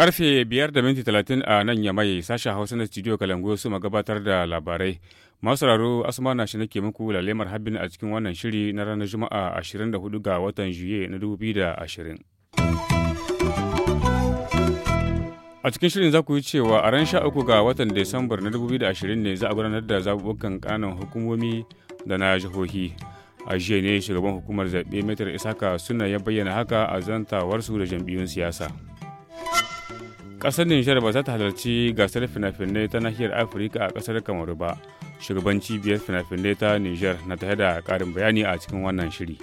Karfe biyar da minti talatin a nan ya mai sashen Hausa na studio Kalangu su gabatar da labarai. Masu raro asuma na shi nake muku lalemar habin a cikin wannan shiri na ranar Juma'a 24 ga watan Juye na 2020. A cikin shirin za ku yi cewa a ran 13 ga watan Desambar na 2020 ne za a gudanar da zaɓuɓɓukan ƙananan hukumomi da na jihohi. A jiya ne shugaban hukumar zaɓe Metar Isaka suna ya bayyana haka a zantawarsu da jam'iyyun siyasa. Ƙasar Nijar ba za ta halarci gasar fina-finai ta nahiyar Afirka a ƙasar Kamaru ba. Shugaban cibiyar fina-finai ta Nijar na tare da ƙarin bayani a cikin wannan shiri.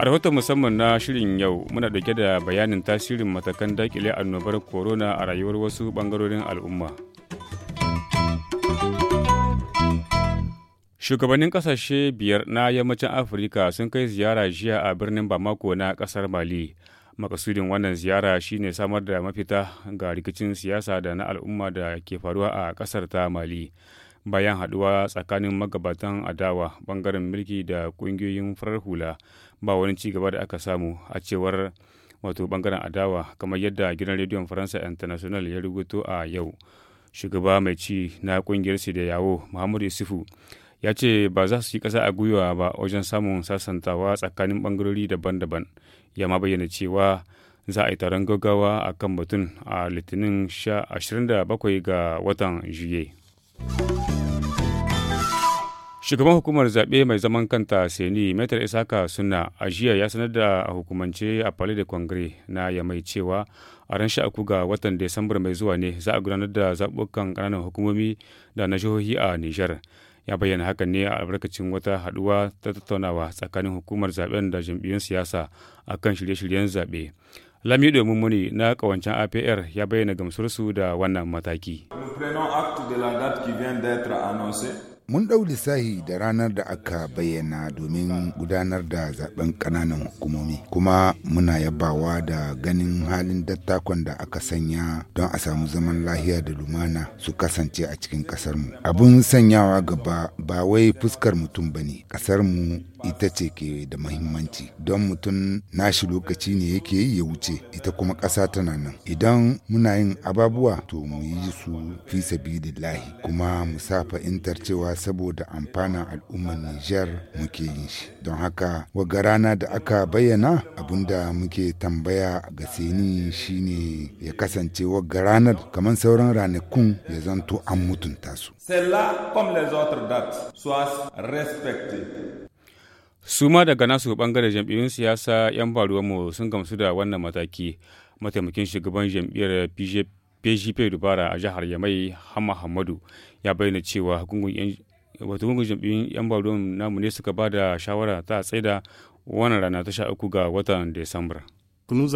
a rahoton musamman na shirin yau muna dauke da bayanin tasirin matakan dakile annobar corona a rayuwar wasu bangarorin al'umma shugabannin kasashe biyar na yammacin afirka sun kai ziyara jiya a birnin bamako na kasar mali makasudin wannan ziyara shine samar da mafita ga rikicin siyasa da na al'umma da ke faruwa a kasar ta mali bayan haduwa tsakanin magabatan adawa bangaren mulki da kungiyoyin farar hula ba wani ci gaba da aka samu a cewar wato bangaren adawa kamar yadda gidan rediyon faransa international ya rubuto a yau shugaba mai ci na kungiyar su da yawo muhammadu yusufu ya ce ba za su yi kasa a gwiwa ba wajen samun sasantawa tsakanin bangarori daban-daban ya ma bayyana cewa za a yi taron gaggawa a kan batun a litinin 27 ga watan juye. shugaban hukumar zaɓe mai zaman kanta seni metar isaka suna a ya sanar da a hukumance a palais de congrès na yamai cewa a ran sha uku ga watan desambar mai zuwa ne za a gudanar da zaɓukan ƙananan hukumomi da na jihohi a nijar ya bayyana hakan ne a albarkacin wata haɗuwa ta tattaunawa tsakanin hukumar zaɓen da jam'iyyun siyasa a kan shirye-shiryen zaɓe Lamido Mummuni na kawancen APR ya bayyana gamsursu da wannan mataki. mun ɗau lissahi da ranar da aka bayyana domin gudanar da zaben ƙananan hukumomi kuma muna yabawa da ganin halin dattakon da aka sanya don a samu zaman lahiya da lumana su kasance a cikin ƙasarmu abun sanyawa gaba ba wai fuskar mutum ba ne ƙasarmu ita ce ke da mahimmanci don mutum nashi lokaci ne yake yi ya wuce ita kuma ƙasa tana nan idan muna yin ababuwa to mu yi su fi sabidillahi kuma mu sa intar cewa saboda amfanin al'ummar Nijar muke yin shi don haka waga rana da aka bayyana abinda muke tambaya ga seni shine ya kasance waga ranar kamar sauran ranakun ya zanto an mutunta su. c'est là comme les autres soit su ma daga nasu bangare jam'iyyun siyasa 'yan baruwanmu sun gamsu da wannan mataki mataimakin shugaban jam'iyyar pgp dubara a jihar yamai hama hamadu ya bayyana cewa gungun jam'iyyun 'yan baruwan namu ne suka ba da shawara ta tsaida wannan rana ta sha uku ga watan disambar. Mun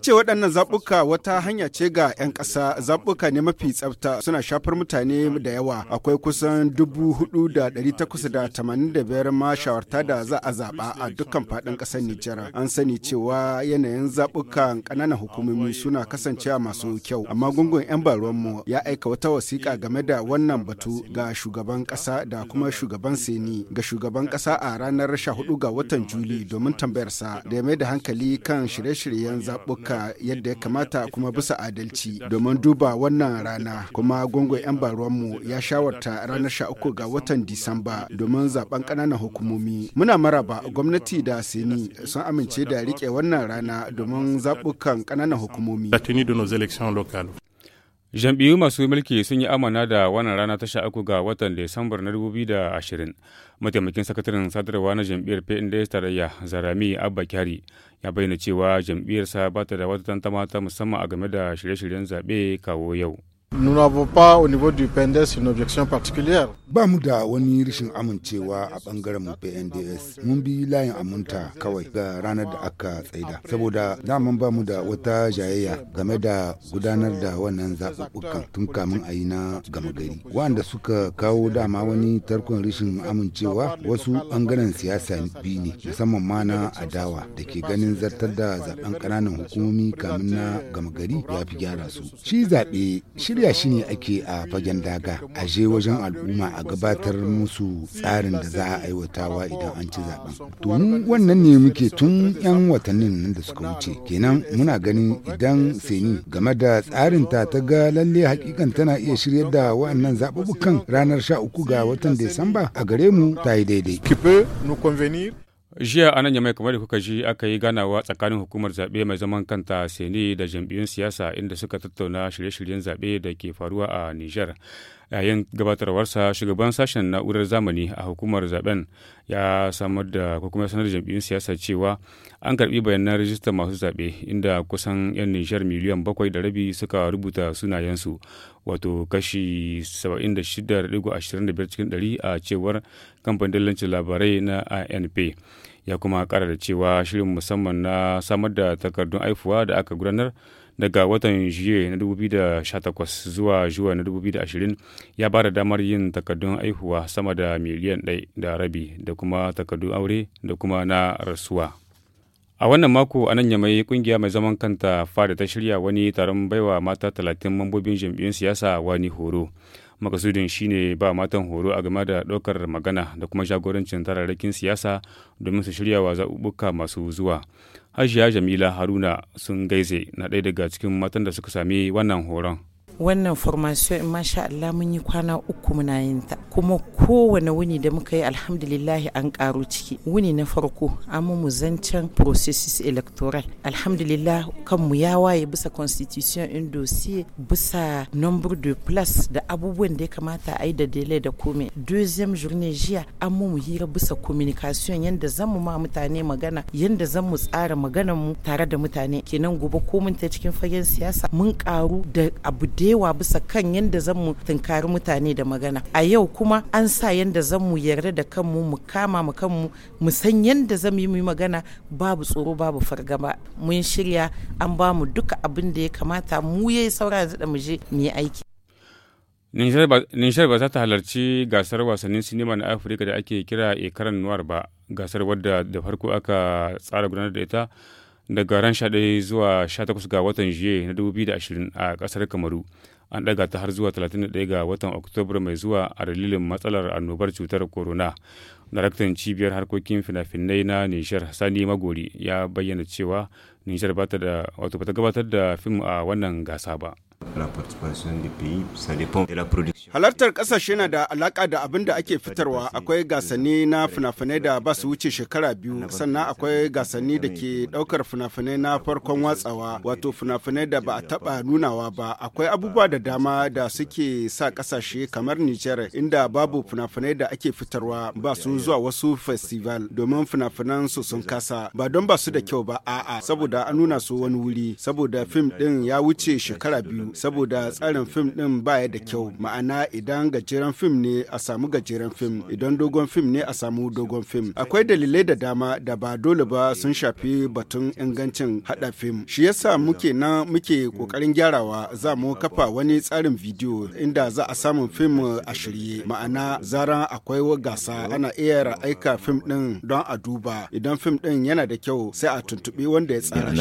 ce waɗannan zaɓuka wata hanya ce ga 'yan ƙasa zaɓuka ne mafi tsafta suna shafar mutane da yawa akwai kusan dubu hudu da dari takwas da tamanin da biyar ma shawarta da za a zaɓa a dukkan faɗin ƙasar Nijar. An sani cewa yanayin zaɓukan ƙananan hukumomi suna kasancewa masu kyau amma gungun 'yan baruwanmu ya aika wata wasiƙa game da wannan batu ga shugaban ƙasa da kuma shugaban Seni ga shugaban ƙasa a ranar 14 ga watan Juli domin tambayarsa da ya mai da hankali hankali kan shirye-shiryen zaɓuka yadda ya kamata kuma bisa adalci domin duba wannan rana kuma gungun 'yan baruwanmu ya shawarta ranar 13 ga watan Disamba domin zaben ƙananan hukumomi. Muna maraba gwamnati da Sini sun amince da riƙe wannan rana domin zaɓukan ƙananan hukumomi. jam'iyyu masu mulki sun yi amana da wannan rana ta sha uku ga watan disambar na 2020 mataimakin sakataren sadarwa na jam'iyyar pnds tarayya zarami abba kyari ya bayyana cewa jam'iyyarsa ba ta da wata tantama ta musamman a game da shirye-shiryen zaɓe kawo yau Nous n'avons pas au niveau du PNDS une objection particulière. Ba mu da wani rashin amincewa a bangaren mu PNDS. Mun bi layin aminta kawai ga ranar da aka tsaida. Saboda daman ba mu da wata jayayya game da gudanar da wannan zaɓuɓɓukan tun kamin a yi na gama gari. Wanda suka kawo dama wani tarkon rashin amincewa wasu bangaren siyasa bi ne musamman ma na adawa da ke ganin zartar da zaben ƙananan hukumomi kamin na gama gari ya fi gyara su. Shi zaɓe shirin shirya shi ake a fagen daga a je wajen al'umma a gabatar musu tsarin da za a aiwatawa idan an ci zaben to wannan ne muke tun yan watannin nan da suka wuce kenan muna ganin idan seni game da tsarin ta ta ga lalle hakikan tana iya shiryar da wa'annan zaɓuɓɓukan ranar 13 ga watan Desamba a gare mu ta yi daidai. jiya a nan yamai kamar da kuka ji aka yi ganawa tsakanin hukumar zaɓe mai zaman kanta seni da jam'iyyun siyasa inda suka tattauna shirye-shiryen zaɓe da ke faruwa a nijar yayin gabatarwarsa shugaban sashen na'urar zamani a hukumar zaben ya samar da kuma sanar da jam'iyyun siyasa cewa an karbi bayanan rajistar masu zaɓe inda kusan 'yan nishar miliyan bakwai da rabi suka rubuta sunayensu wato kashi 76.25 cikin 100 a cewar kamfanin dillancin labarai na anp ya kuma kara da cewa shirin musamman na samar da takardun aifuwa da aka gudanar daga watan juye na 2018 zuwa juwa na 2020 ya ba da damar yin takardun aihuwa sama da miliyan ɗai da rabi da kuma takardun aure da kuma na rasuwa. A wannan mako a nan yamai kungiya mai zaman kanta fada ta shirya wani taron baiwa mata talatin mambobin jam'iyyun siyasa wani horo. Makasudin shine ba matan horo a game da ɗaukar magana da kuma jagorancin tararrakin siyasa domin su shirya wa zaɓuɓɓuka masu zuwa. ajiya Jamila Haruna sun gaize na ɗaya daga cikin matan da suka sami wannan horon. wannan formation in masha Allah mun yi kwana uku muna yin ta kuma kowane wuni da muka yi alhamdulillahi an karu ciki wuni na farko an mu zancen processes electoral alhamdulillah mu ya waye bisa constitution in dossier bisa nombre de place da abubuwan da ya kamata a yi da dele da kome deuxième journée jiya an mu hira bisa communication yanda zan mu ma mutane magana yanda zan mu tsara maganar mu tare da mutane kenan gobe ko mun ta cikin fagen siyasa mun karu da abu da yawa bisa kan yadda zan mu tunkari mutane da magana a yau kuma an sa yadda zan mu yarda da kanmu mu kama mu kanmu mu san yadda zan yi mu magana babu tsoro babu fargaba mun shirya an ba mu duka abin da ya kamata mu yayi saura da mu je mu yi aiki Nishar ba za ta halarci gasar wasannin sinima na Afirka da ake kira Ekaran Noir ba, gasar wadda da farko aka tsara gudanar da ita daga ran 11 zuwa 18 ga watan juye na 2020 a kasar kamaru an ɗaga ta har zuwa 31 ga watan oktobar mai zuwa a dalilin matsalar annobar cutar corona daraktan cibiyar harkokin fina-finai na nishar sani magori ya bayyana cewa nishar ba ta gabatar da fim a wannan gasa ba Halartar ƙasashe na da alaƙa da abin da ake fitarwa akwai gasanni na finafinai da ba su wuce shekara biyu sannan akwai gasanni da ke ɗaukar finafinai na farkon watsawa wato finafinai da ba a taɓa nunawa ba akwai abubuwa da dama da suke sa ƙasashe kamar Nijar inda babu finafinai da ake fitarwa ba su zuwa wasu festival domin finafinan su sun kasa ba don ba su da kyau ba a'a saboda an nuna su wani wuri saboda fim ɗin ya wuce shekara biyu saboda tsarin fim ɗin baya da kyau ma'ana idan gajeren fim ne a samu gajeren fim idan dogon fim ne a samu dogon fim akwai dalilai da dama da ba dole ba sun shafi batun ingancin haɗa fim shi yasa muke nan muke ƙoƙarin gyarawa za mu kafa wani tsarin bidiyo inda za a samu fim a shirye ma'ana zaran akwai gasa ana iya aika fim ɗin don a duba idan fim ɗin yana da kyau sai a tuntuɓi wanda ya tsara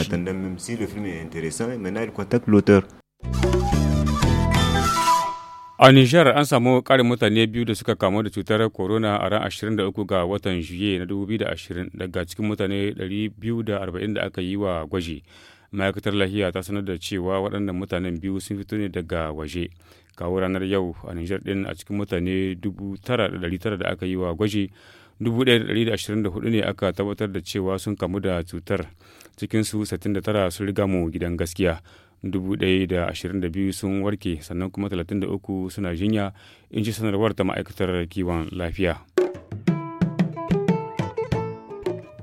shi. A Nijar an samu ƙarin mutane biyu da suka kamu da cutar corona a ran 23 ga watan Juye na 2020 daga cikin mutane 240 da aka yi wa gwaji. Ma'aikatar lahiya ta sanar da cewa waɗannan mutanen biyu sun fito ne daga waje. Kawo ranar yau a Nijar ɗin a cikin mutane 9,900 da aka yi wa gwaji, 1,124 ne aka tabbatar da cewa sun kamu da cutar. Cikinsu 69 sun riga mu gidan gaskiya. 1,122 sun warke sannan kuma 33 suna jinya in ji sanarwar ta ma'aikatar kiwon lafiya.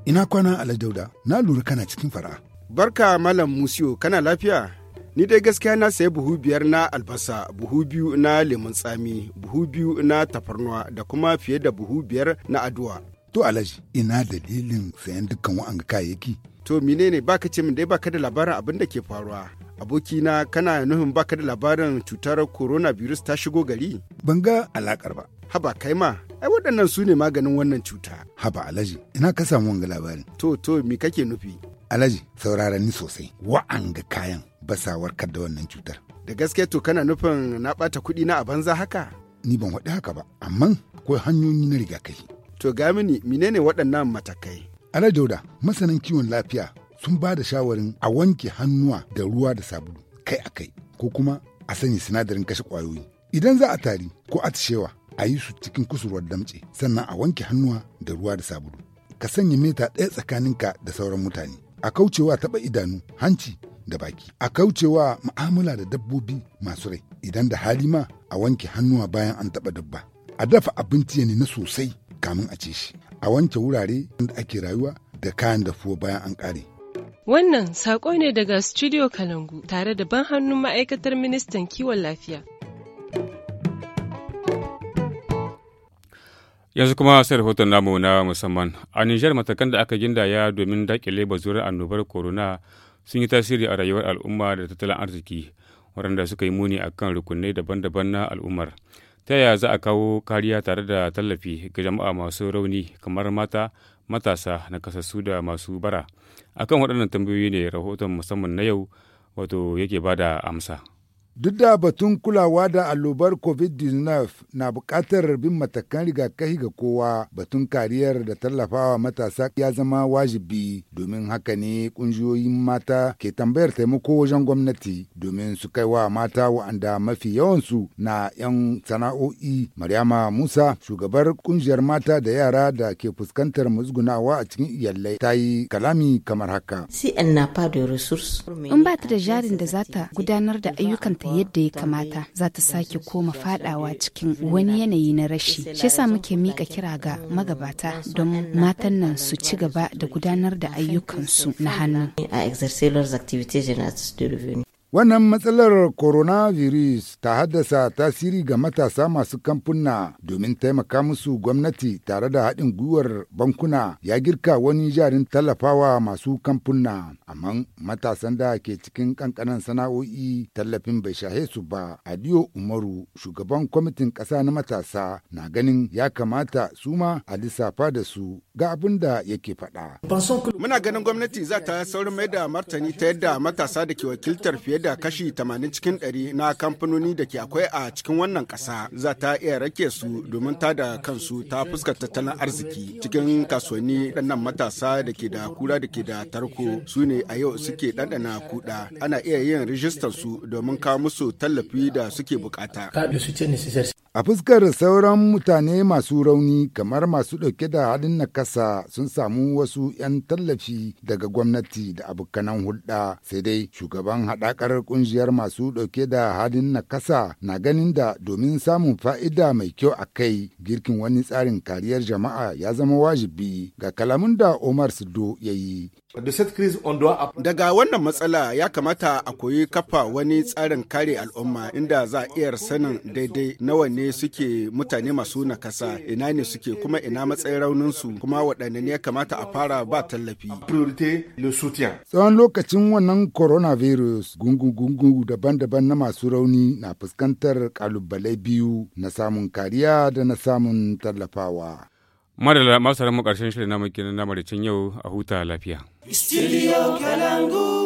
Ina kwana Aladauda, na lura kana cikin fara. Barka Malam Musiyo, kana lafiya? ni dai gaskiya na sayi buhu biyar na albasa buhu biyu na lemun tsami buhu biyu na tafarnuwa da kuma fiye da buhu biyar na aduwa to alaji ina dalilin sayan dukkan wa'anga kayayyaki to menene baka ce min dai baka da labarin abin da ke faruwa abokina kana nufin baka da labarin cutar coronavirus ta shigo gari? Ban ga alakar ba. Haba kai ma, ai waɗannan su ne maganin wannan cuta. Haba Alhaji, ina ka samu wanga labarin. To, to, me kake nufi? Alhaji, saurara ni sosai, wa'anga kayan basawar da wannan cutar. Da gaske to kana nufin na bata kuɗi na a banza haka? Ni ban waɗi haka ba, amma akwai hanyoyi na rigakafi. To ga mini, menene waɗannan matakai? Alhaji Dauda, masanin kiwon lafiya sun ba da shawarin a wanke hannuwa da ruwa da sabulu kai a kai ko kuma a sanya sinadarin kashe kwayoyi. idan za a tari ko a tashewa a yi su cikin kusurwar damce sannan a wanke hannuwa da ruwa da sabulu ka sanya mita ɗaya tsakaninka da sauran mutane a kaucewa taɓa idanu hanci da baki a kaucewa mu'amala da dabbobi masu rai idan da hali ma a wanke hannuwa bayan an taɓa dabba a dafa abinci ya na sosai kamin a ce shi a wanke wurare da ake rayuwa da kayan dafuwa bayan an ƙare Wannan saƙo ne daga Studio Kalangu tare da ban hannun ma'aikatar ministan kiwon lafiya. Yanzu kuma sai rahoton namu na musamman. A Nijar matakan da aka gindaya domin dakile bazuran annobar corona sun yi tasiri a rayuwar al'umma da tattalin arziki, waɗanda suka yi muni a kan rukunai daban-daban na al'ummar. Ta yaya za a kawo kariya tare da tallafi ga jama'a masu rauni kamar mata, matasa na kasassu da masu bara akan waɗannan tambayoyi ne rahoton musamman na yau wato yake bada amsa. Duk da batun kulawa da allobar COVID-19 na bukatar bin matakan rigakafi ga kowa batun kariyar da tallafawa matasa ya zama wajibi domin haka ne kungiyoyin mata ke tambayar taimako wajen gwamnati domin su kai wa mata wa'anda mafi yawansu na 'yan sana'o'i. Maryama Musa, shugabar ƙungiyar mata da yara da ke fuskantar musgunawa a cikin iyalai ta yi kalami kamar haka. In ba ta da jarin da za ta gudanar da ayyukanta ta yadda ya kamata za ta sake koma fadawa cikin wani yanayi na rashi shi yasa muke mika kira ga magabata don matan nan su ci gaba da gudanar da ayyukansu na hannu Wannan matsalar coronavirus ta haddasa tasiri ga matasa masu kamfuna domin taimaka musu gwamnati tare da haɗin gwiwar bankuna ya girka wani jarin tallafawa masu kamfuna. Amma matasan da ke cikin ƙanƙanan sana'o'i tallafin bai shahe su ba. adio Umaru, shugaban kwamitin ƙasa na matasa, na ganin ya kamata su ma a lissafa da su ga abin da yake faɗa. Muna ganin gwamnati za ta saurin mai da martani ta yadda matasa da ke wakiltar fiye da kashi 80 cikin 100 na kamfanoni da ke akwai a cikin wannan ƙasa za ta iya rake su domin ta da kansu ta fuskar tattalin arziki cikin kasuwanni ɗannan matasa da ke da kura da ke da tarko su ne a yau suke ɗanɗana kuɗa ana iya yin rijistar su domin kawo musu tallafi da suke bukata. A fuskar sauran mutane masu rauni kamar masu ɗauke da halin nakasa sun samu wasu 'yan tallafi daga gwamnati da abokanan hulɗa sai dai shugaban haɗakar ƙungiyar masu ɗauke da halin nakasa na ganin da domin samun fa'ida mai kyau a kai girkin wani tsarin kariyar jama'a ya zama wajibi ga kalamun da Omar Sido ya yi. Daga wannan matsala ya kamata a koyi kafa wani tsarin kare al'umma inda za a iya sanin daidai nawa ne suke mutane masu nakasa, ina ne suke kuma ina matsayin rauninsu kuma waɗanne ne ya kamata a fara ba tallafi. Tsawon lokacin wannan coronavirus gungu-gungu daban-daban na masu rauni na fuskantar ƙalubale biyu na samun kariya da na samun tallafawa. Madalla masu ranar ƙarshen shirin namu kenan na yau a huta lafiya. Studio Kalangu.